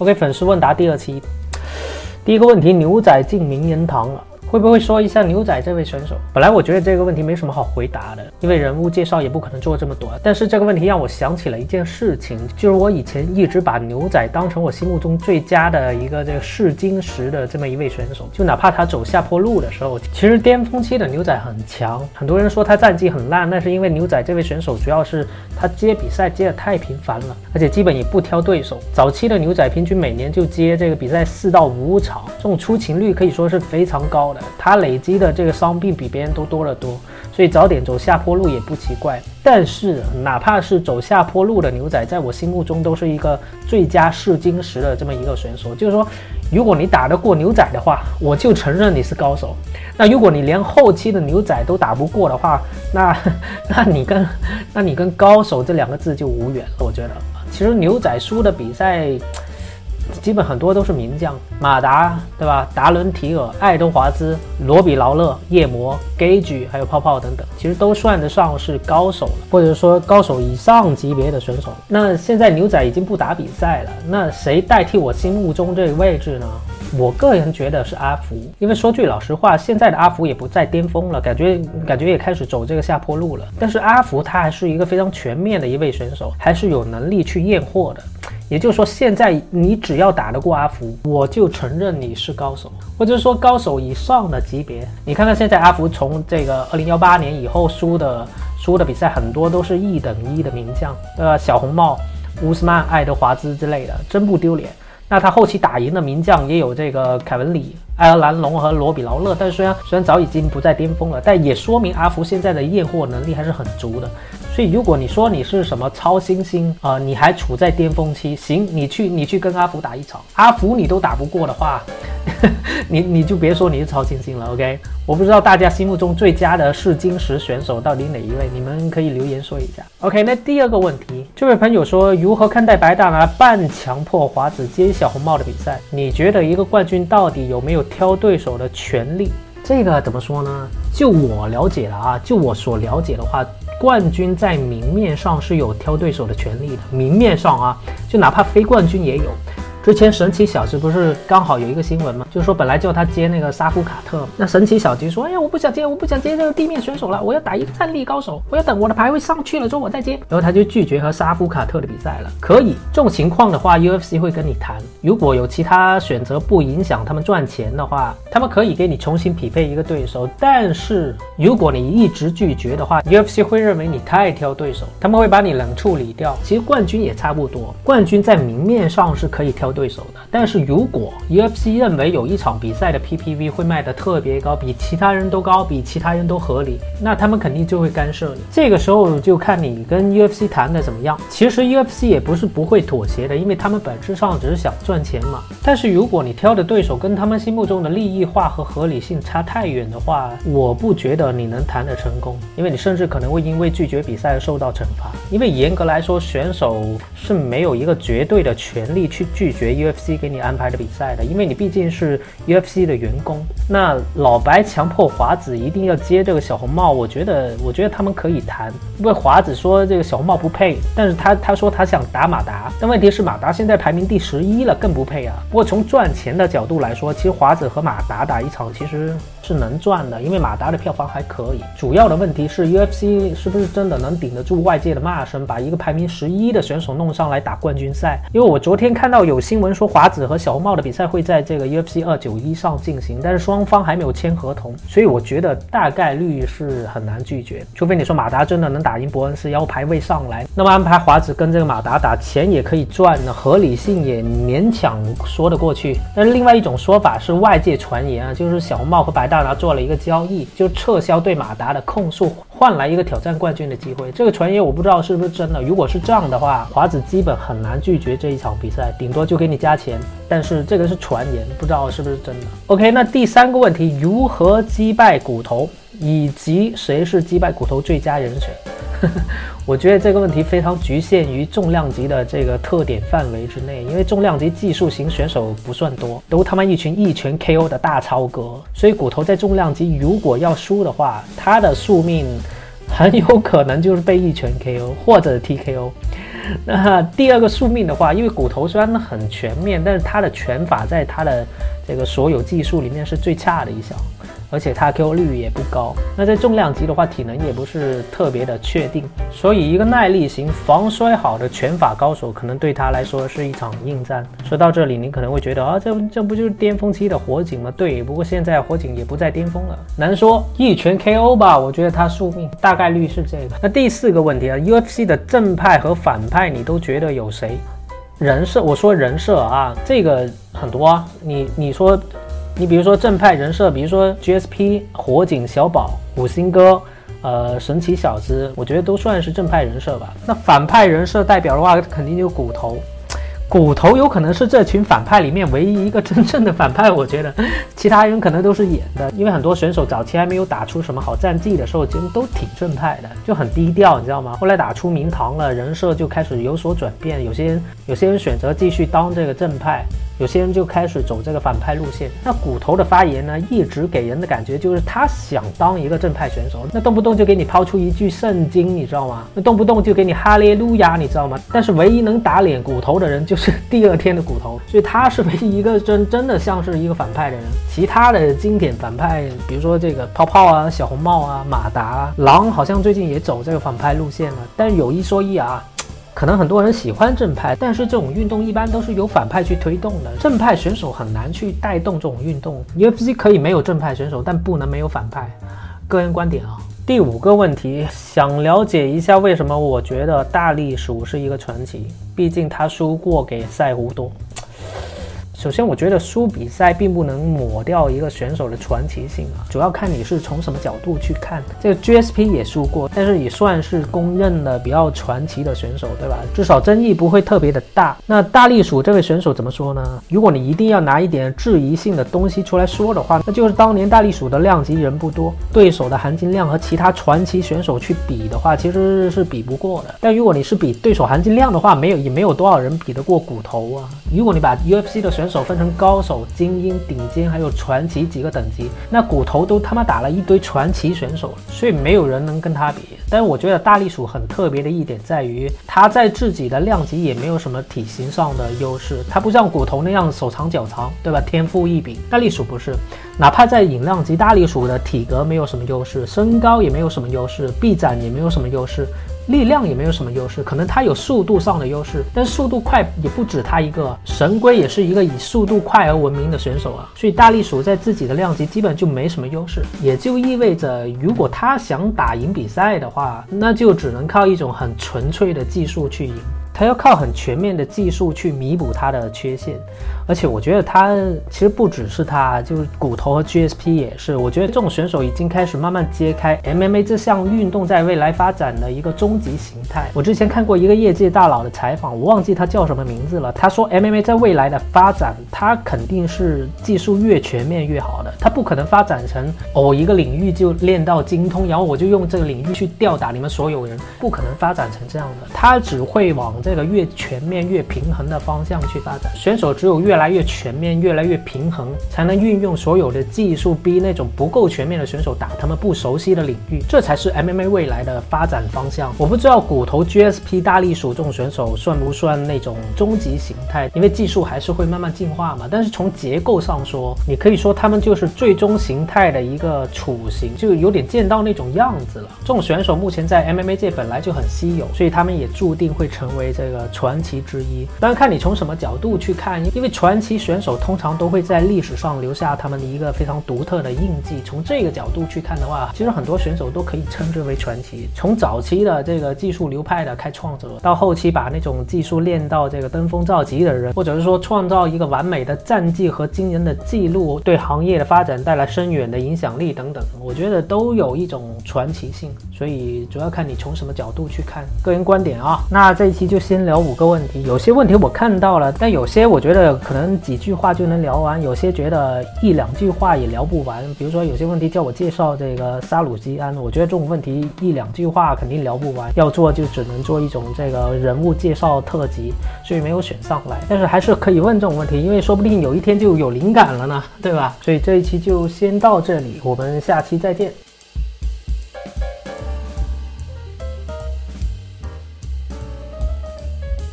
OK，粉絲問答第二期，第一個問題：牛仔進名人堂了。會不會說一下牛仔這位選手？本來我覺得這個問題沒什麼好回答的，因為人物介紹也不可能做這麼短。但是這個問題讓我想起了一件事情，就是我以前一直把牛仔當成我心目中最佳的一個這個試金石的這麼一位選手。就哪怕他走下坡路的時候，其實巔峰期的牛仔很強。很多人說他戰績很爛，那是因為牛仔這位選手主要是他接比賽接的太頻繁了，而且基本也不挑對手。早期的牛仔平均每年就接這個比賽四到五場，這種出勤率可以說是非常高的。他累積的這個傷病比別人都多得多，所以早點走下坡路也不奇怪。但是哪怕是走下坡路的牛仔，在我心目中都是一個最佳試金石的這麼一個選手。就是說，如果你打得過牛仔的話，我就承認你是高手。那如果你連後期的牛仔都打不過的話，那那你跟那你跟高手這兩個字就無緣了。我覺得，其實牛仔輸的比賽。基本很多都是名將，馬達對吧？達倫提爾、愛德華茲、羅比勞勒、夜魔、Gage，還有泡泡等等，其實都算得上是高手了，或者說高手以上級別的選手。那現在牛仔已經不打比賽了，那誰代替我心目中這個位置呢？我個人覺得是阿福，因為說句老實話，現在的阿福也不再巔峰了，感覺感覺也開始走這個下坡路了。但是阿福他還是一個非常全面的一位選手，還是有能力去驗貨的。也就是說，現在你只要打得過阿福，我就承認你是高手，或者說高手以上的級別。你看看現在阿福從這個二零幺八年以後輸的輸的比賽很多都是一等一的名將，呃，小紅帽、烏斯曼、愛德華茲之類的，真不丟臉。那他後期打贏的名將也有這個凱文李。艾爾蘭龍和羅比勞勒，但雖然雖然早已經不在巔峰了，但也說明阿福現在的驗貨能力還是很足的。所以如果你說你是什麼超新星啊、呃，你還處在巔峰期，行，你去你去跟阿福打一場，阿福你都打不過的話，呵呵你你就別說你是超新星了。OK，我不知道大家心目中最佳的試金石選手到底哪一位，你們可以留言說一下。OK，那第二個問題。這位朋友說：“如何看待白大拿、啊、半強迫華子接小紅帽的比賽？你覺得一個冠軍到底有沒有挑對手的權利？這個怎麼說呢？就我了解了啊，就我所了解的話，冠軍在明面上是有挑對手的權利的。明面上啊，就哪怕非冠軍也有。”之前神奇小子不是剛好有一個新聞嗎？就是說本來叫他接那個沙夫卡特，那神奇小子說：“哎呀，我不想接，我不想接這個地面選手了，我要打一個站立高手，我要等我的排位上去了之後我再接。”然後他就拒絕和沙夫卡特的比賽了。可以，這種情況的話，UFC 會跟你談。如果有其他選擇不影響他們賺錢的話，他們可以給你重新匹配一個對手。但是如果你一直拒絕的話，UFC 會認為你太挑對手，他們會把你冷處理掉。其實冠軍也差不多，冠軍在明面上是可以挑對手的，但是如果 UFC 認為有一場比賽的 PPV 會賣得特別高，比其他人都高，比其他人都合理，那他們肯定就會干涉你。這個時候就看你跟 UFC 談得怎麼樣。其實 UFC 也不是不會妥協的，因為他們本質上只是想賺錢嘛。但是如果你挑的對手跟他們心目中的利益化和合理性差太遠的話，我不覺得你能談得成功，因為你甚至可能會因為拒絕比賽受到懲罰，因為嚴格來說，選手是沒有一個絕對的權利去拒絕學 UFC 給你安排的比賽的，因為你畢竟是 UFC 的員工。那老白強迫華子一定要接這個小紅帽，我覺得，我覺得他們可以談。因為華子說這個小紅帽不配，但是他他說他想打馬達，但問題是馬達現在排名第十一了，更不配啊。不過從賺錢的角度來說，其實華子和馬達打一場其實是能賺的，因為馬達的票房還可以。主要的問題是 UFC 是不是真的能頂得住外界的罵聲，把一個排名十一的選手弄上來打冠軍賽？因為我昨天看到有。新聞說，華子和小紅帽的比賽會在這個 UFC 二九一上進行，但是雙方還沒有簽合同，所以我覺得大概率是很難拒絕，除非你說馬達真的能打贏伯恩斯，要排位上來，那麼安排華子跟這個馬達打，錢也可以賺，合理性也勉強說得過去。但是另外一種說法是外界傳言啊，就是小紅帽和白大拿做了一個交易，就撤銷對馬達的控訴。換來一個挑戰冠軍的機會，這個傳言我不知道是不是真的。如果是這樣的話，華子基本很難拒絕這一場比賽，頂多就給你加錢。但是這個是傳言，不知道是不是真的。OK，那第三個問題，如何擊敗骨頭，以及誰是擊敗骨頭最佳人選？ 我覺得這個問題非常局限於重量級的這個特點範圍之內，因為重量級技術型選手不算多，都他媽一群一拳 KO 的大超哥。所以骨頭在重量級如果要輸的話，他的宿命很有可能就是被一拳 KO 或者 TKO。那第二個宿命的話，因為骨頭雖然很全面，但是他的拳法在他的這個所有技術裡面是最差的一項。而且他 KO 率也不高，那在重量級的話，體能也不是特別的確定，所以一個耐力型防摔好的拳法高手，可能對他來說是一場硬戰。說到這裡，你可能會覺得啊，這這不就是巔峰期的火警嗎？對，不過現在火警也不再巔峰了，難說一拳 KO 吧？我覺得他宿命大概率是這個。那第四個問題啊，UFC 的正派和反派你都覺得有誰？人設，我說人設啊，這個很多啊，你你說。你比如說正派人設，比如說 GSP、火警小寶、五星哥，呃，神奇小子，我覺得都算是正派人設吧。那反派人設代表的話，肯定就骨頭。骨頭有可能是這群反派裡面唯一一個真正的反派，我覺得其他人可能都是演的。因為很多選手早期還沒有打出什麼好戰績的時候，其實都挺正派的，就很低調，你知道嗎？後來打出名堂了，人設就開始有所轉變。有些人有些人選擇繼續當這個正派。有些人就開始走這個反派路線。那骨頭的發言呢，一直給人的感覺就是他想當一個正派選手，那動不動就給你拋出一句聖經，你知道嗎？那動不動就給你哈利路亞，你知道嗎？但是唯一能打臉骨頭的人就是第二天的骨頭，所以他是唯一一個真真的像是一個反派的人。其他的經典反派，比如說這個泡泡啊、小紅帽啊、馬達啊、狼，好像最近也走這個反派路線了。但是有一說一啊。可能很多人喜歡正派，但是這種運動一般都是由反派去推動的，正派選手很難去帶動這種運動。UFC 可以沒有正派選手，但不能沒有反派。個人觀點啊、哦。第五個問題，想了解一下為什麼我覺得大力鼠是一個傳奇？畢竟他輸過給塞胡多。首先，我覺得輸比賽並不能抹掉一個選手的傳奇性啊，主要看你是從什麼角度去看。這個 GSP 也輸過，但是也算是公認的比較傳奇的選手，對吧？至少爭議不會特別的大。那大力鼠這位選手怎麼說呢？如果你一定要拿一點質疑性的東西出來說的話，那就是當年大力鼠的量級人不多，對手的含金量和其他傳奇選手去比的話，其實是比不過的。但如果你是比對手含金量的話，沒有也沒有多少人比得過骨頭啊。如果你把 UFC 的選手。手分成高手、精英、頂尖，還有傳奇幾個等級。那骨頭都他媽打了一堆傳奇選手，所以沒有人能跟他比。但是我覺得大力鼠很特別的一點在於，他在自己的量級也沒有什麼體型上的優勢。他不像骨頭那樣手長腳長，對吧？天賦異稟，大力鼠不是。哪怕在蠅量級，大力鼠的體格沒有什麼優勢，身高也沒有什麼優勢，臂展也沒有什麼優勢，力量也沒有什麼優勢，可能他有速度上的優勢，但速度快也不止他一個。神龜也是一個以速度快而聞名的選手啊，所以大力鼠在自己的量級基本就沒什麼優勢，也就意味着如果他想打贏比賽的話，那就只能靠一種很純粹的技術去贏。他要靠很全面的技術去彌補他的缺陷，而且我覺得他其實不只是他，就是骨頭和 GSP 也是。我覺得這種選手已經開始慢慢揭開 MMA 這項運動在未來發展的一個終極形態。我之前看過一個業界大佬的採訪，我忘記他叫什麼名字了。他說 MMA 在未來的發展，他肯定是技術越全面越好的，他不可能發展成哦一個領域就練到精通，然後我就用這個領域去吊打你們所有人，不可能發展成這樣的。他只會往這個越全面越平衡的方向去發展，選手只有越來越全面、越來越平衡，才能運用所有的技術逼那種不夠全面的選手打他們不熟悉的領域，這才是 MMA 未來的發展方向。我不知道骨頭 GSP 大力鼠這種選手算不算那種終極形態，因為技術還是會慢慢進化嘛。但是從結構上說，你可以說他們就是最終形態的一個雛形，就有點見到那種樣子了。這種選手目前在 MMA 界本來就很稀有，所以他們也注定會成為。這個傳奇之一，當然看你從什麼角度去看，因為傳奇選手通常都會在歷史上留下他們的一個非常獨特的印記。從這個角度去看的話，其實很多選手都可以稱之為傳奇。從早期的這個技術流派的開創者，到後期把那種技術練到這個登峰造極的人，或者是說創造一個完美的戰績和驚人的記錄，對行業的發展帶來深遠的影響力等等，我覺得都有一種傳奇性。所以主要看你從什麼角度去看，個人觀點啊。那這一期就是。先聊五個問題，有些問題我看到了，但有些我覺得可能幾句話就能聊完，有些覺得一兩句話也聊不完。比如說有些問題叫我介紹這個沙魯吉安，我覺得這種問題一兩句話肯定聊不完，要做就只能做一種這個人物介紹特輯，所以沒有選上來。但是還是可以問這種問題，因為說不定有一天就有靈感了呢，對吧？所以這一期就先到這裡，我們下期再見。